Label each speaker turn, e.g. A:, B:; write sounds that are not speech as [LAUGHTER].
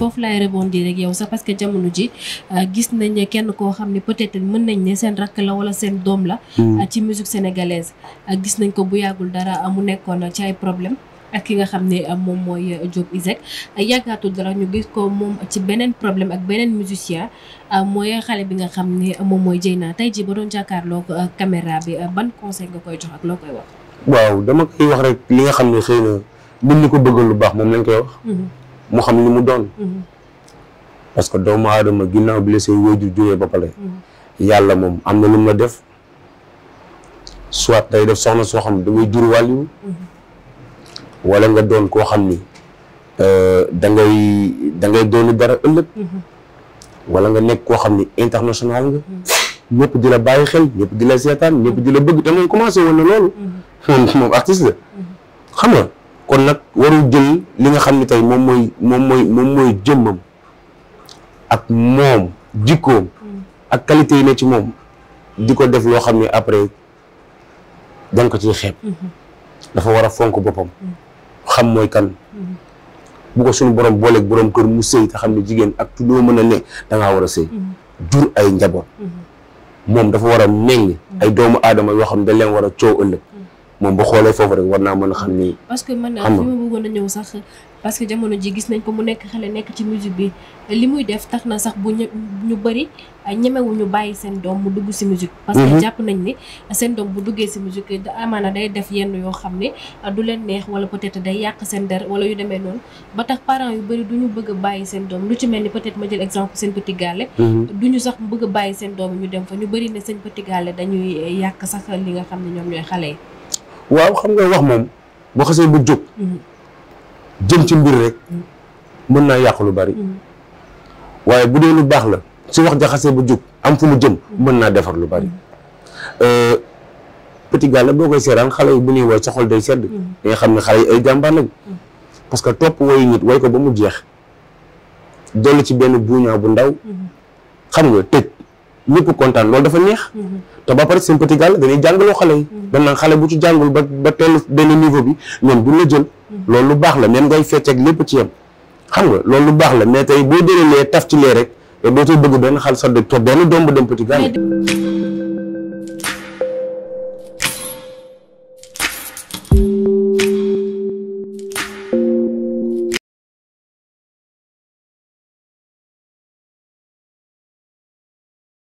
A: foofu laay rebondir rek yow sax parce jamono ji euh, gis nañ kenn koo xam ne peut-être mën nañ ne seen rakk la wala seen doom la. Mm. Euh, ci musique sénégalaise euh, gis nañ ko bu yàggul dara mu nekkoon ci ay problème ak ki nga xam ne moom mooy Diop Isaac yàggaatul dara ñu gis ko moom ci beneen problème ak beneen musicien mooy xale bi nga xam ni moom mooy naa tey ji ba doon jàkkaar jàkkaarloo ko caméra bi ban conseil nga koy jox ak loo koy wax.
B: waaw dama koy wax rek li nga xam ne xëy na buñ ñu ko bëggal lu baax moom lañ koy wax. Mm-hmm. mu xam ni mu doon mm-hmm. parce que doomu adama ginnaw bi la say wéju jógee ba pare mm-hmm. yalla mom amna lu ma def soit day def soxna so xam da ngay jur wàllu mm-hmm. wala nga doon ko xam ni euh da ngay da ngay doonu dara ëllëg wala nga nek ko xam ni international nga ñepp dila baye xel ñepp dila la ñepp dila bëgg da ngay commencé woon na loolu [LAUGHS] moom artiste la xam nga kon nag warul jël li nga xam ni tey moom mooy moom mooy moom mooy jëmmam ak moom jikkoom ak qualité yi ne ci moom di ko def loo xam ne après dañ ko ciy xeeb dafa war a fonk boppam xam mooy kan bu ko suñu borom booleeg borom kër mu sëy te xam ne jigéen ak tuddoo mën a ne dangaa war a sëy jur ay njaboot moom dafa war a meññ ay doomu aadama yoo xam ne da leen war a coow ëllëg moom bu xoolee foofu rek war naa mën a xam ni.
A: parce que man fi ma bëggoon a ñëw sax parce que jamono ji gis nañ ko mu nekk xale nekk ci musique bi li muy def tax na sax bu ñu bëri ñemewuñu bàyyi seen doom mu dugg si musique. parce que mhm. jàpp nañ ni seen doom bu duggee si musique amaana day def yenn yoo xam ne du leen neex wala peut-être day yàq seen der wala yu demee noonu ba tax parent yu bëri du ñu bëgg bàyyi seen doom lu ci mel ni peut-être ma jël exemple seen petit gàlle. Mhm. du ñu sax bëgg bàyyi seen doom ñu dem fa ñu bëri ne seen petit gàlle dañuy yàq sax li nga xam ne ñoom ñooy xale yi.
B: waaw xam nga wax moom bu xasee bu jóg jëm ci mbir rek mën naa yàq lu bari waaye bu dee lu baax la su wax ja xasee bu jóg am fu mu jëm mën naa defar lu bari euh, Petit Gallé boo koy seeraan xale yi bu ñuy woy sa xol day sedd da mm. nga xam ne xale yi ay jàmbaar lañ mm. parce que topp woyu nit woy ko ba mu jeex dolli ci benn buuñaa bu ndaw mm. xam nga tëj ñëpp kontaan loolu dafa neex. Mhm. te ba pare seen petit gàll dañuy jàngaloo xale yi. Mhm. dañ xale bu ci jàngul ba ba teel benn niveau bi ñoom du la jël. Mhm. lool lu baax la même ngay fecceeg lépp ci yem. xam nga loolu lu baax la mais tey boo déralee taf ci lee rek te dootoo bëgg benn xal sa dëkk benn doom bu dem petit
A: gàll.